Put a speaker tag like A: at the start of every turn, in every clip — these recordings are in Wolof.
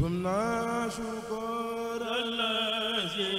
A: Kumna shukr allazi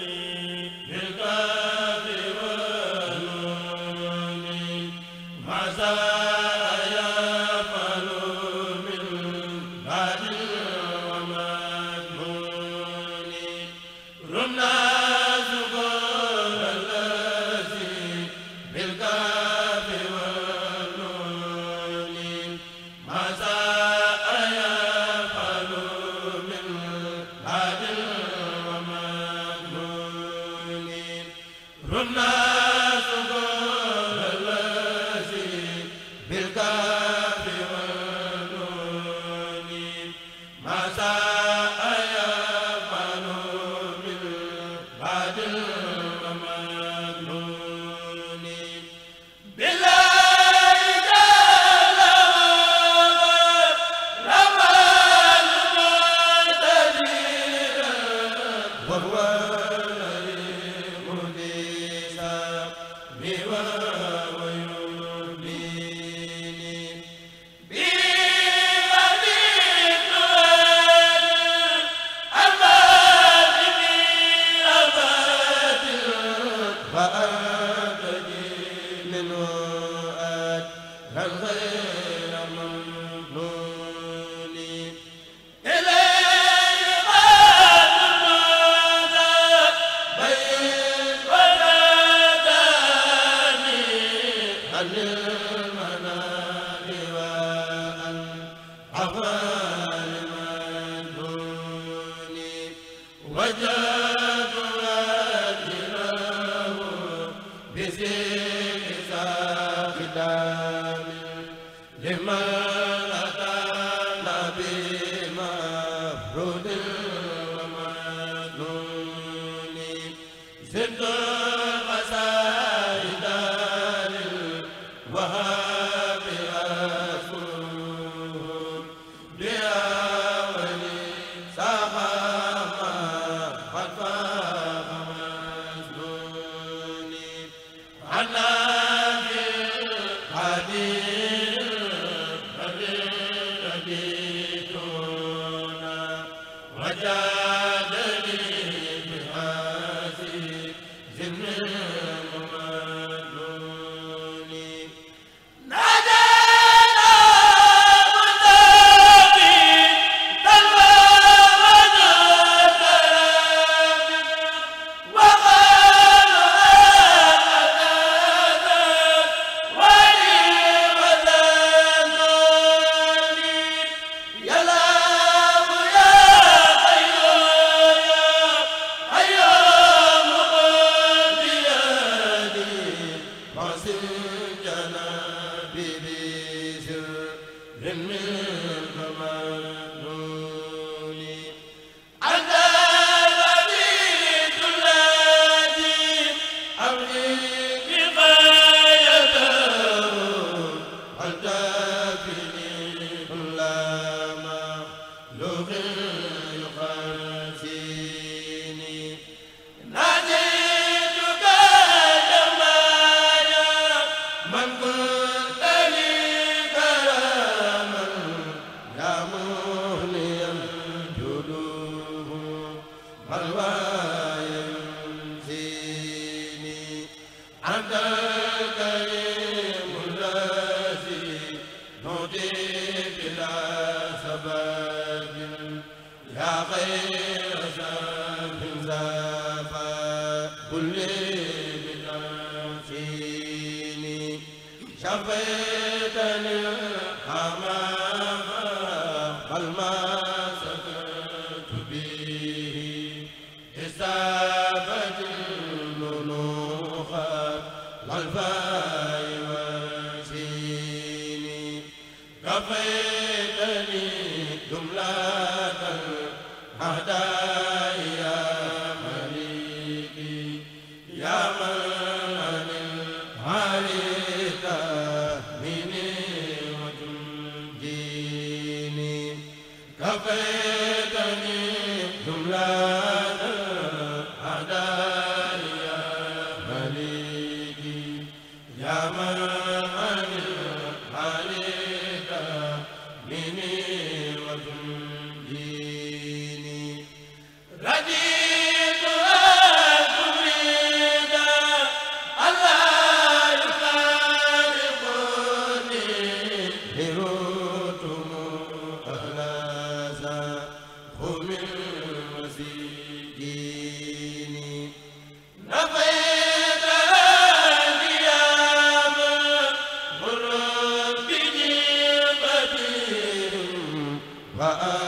A: wa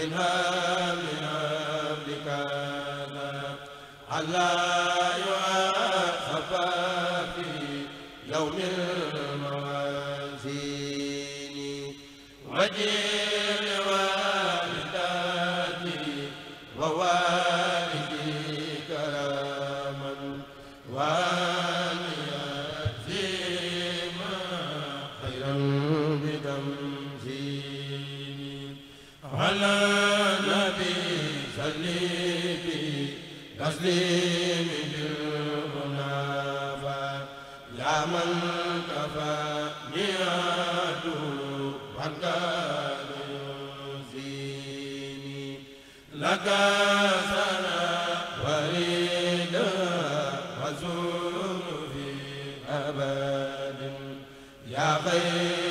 A: بالهام عبدك على yaa xayr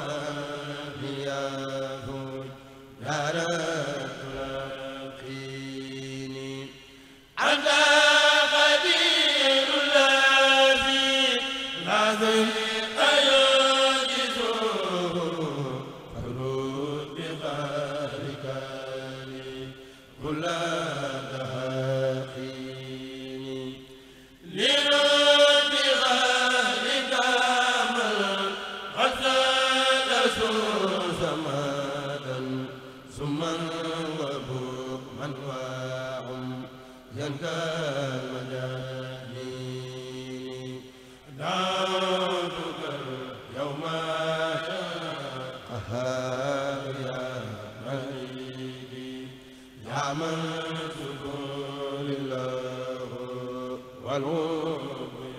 A: Muhammad walo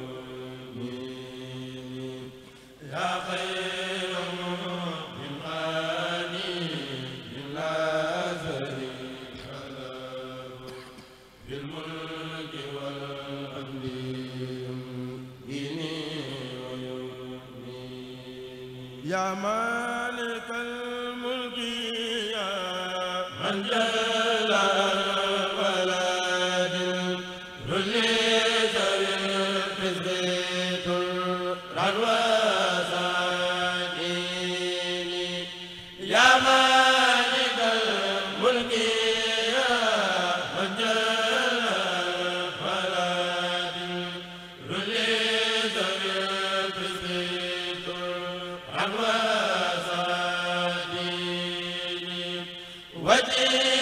A: wajh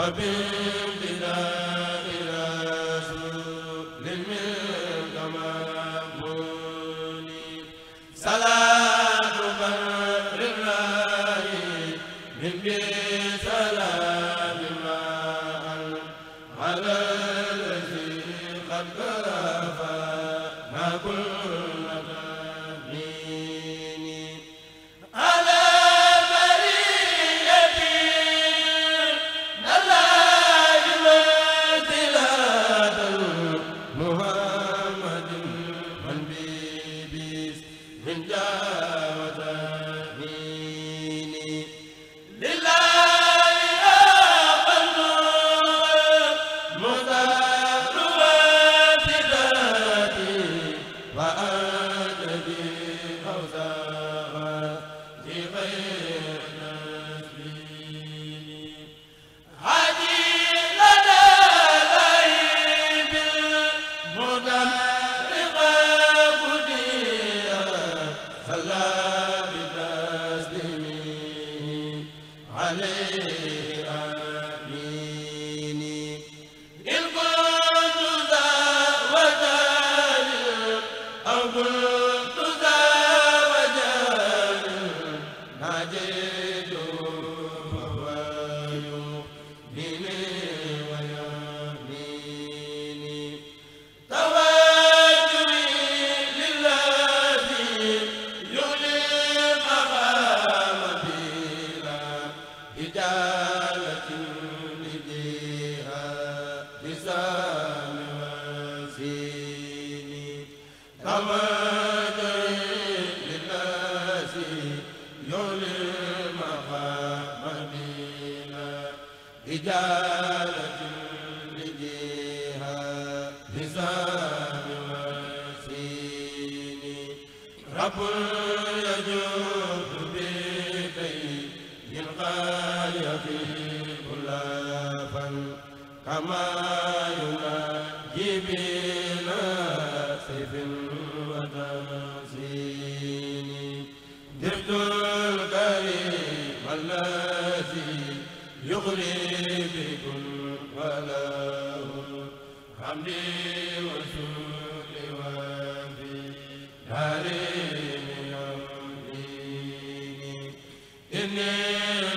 A: wa bi wa ne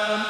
B: salaam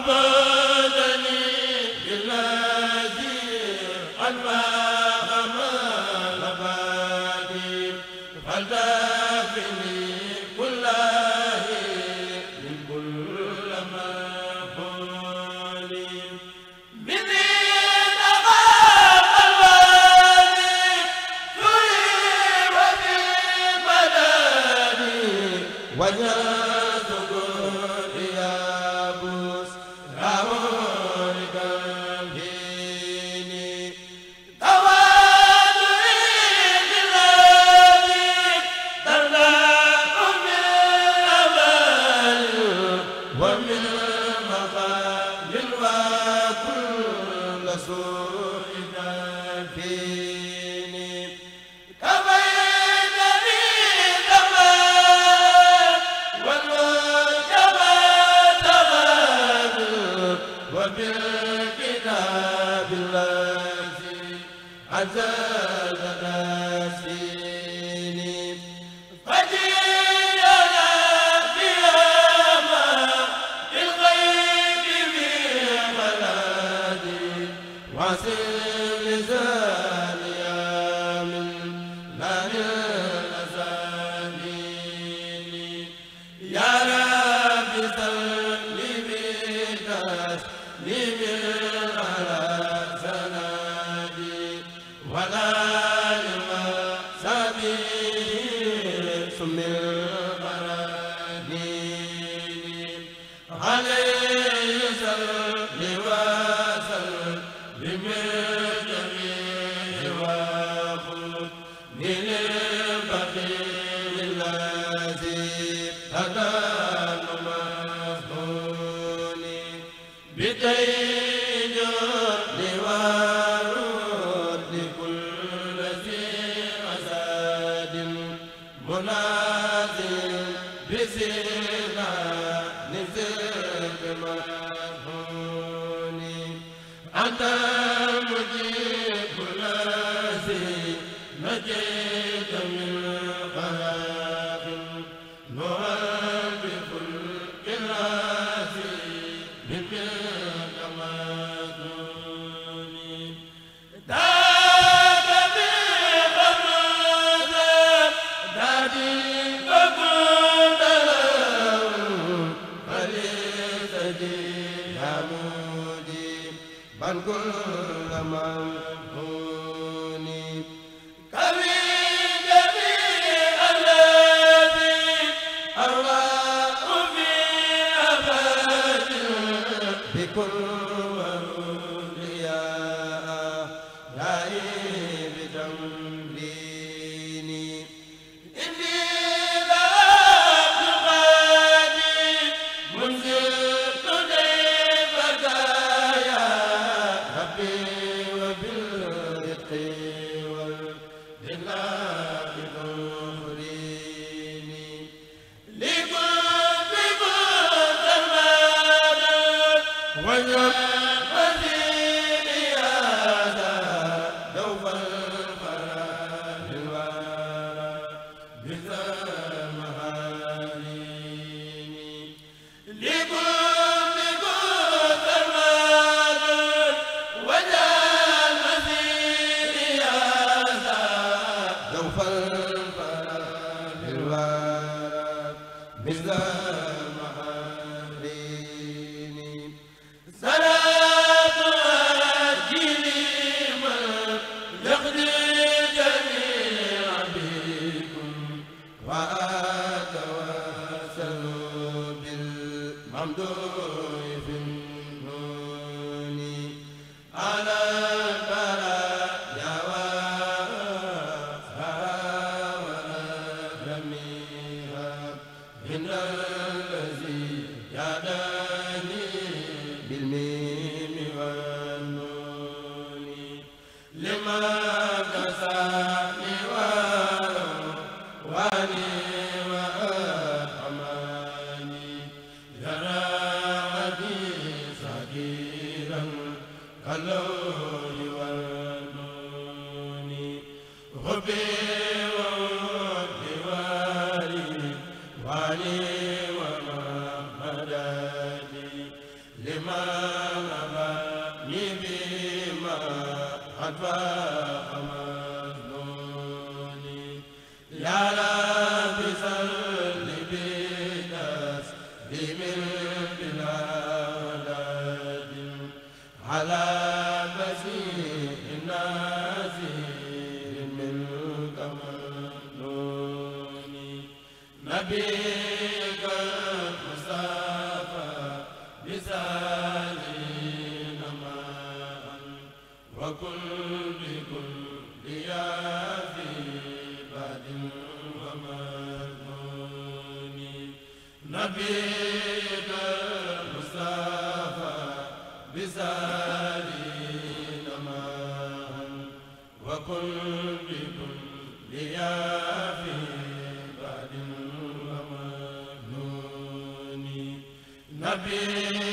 B: Baba
A: fi ko inna wa rabbi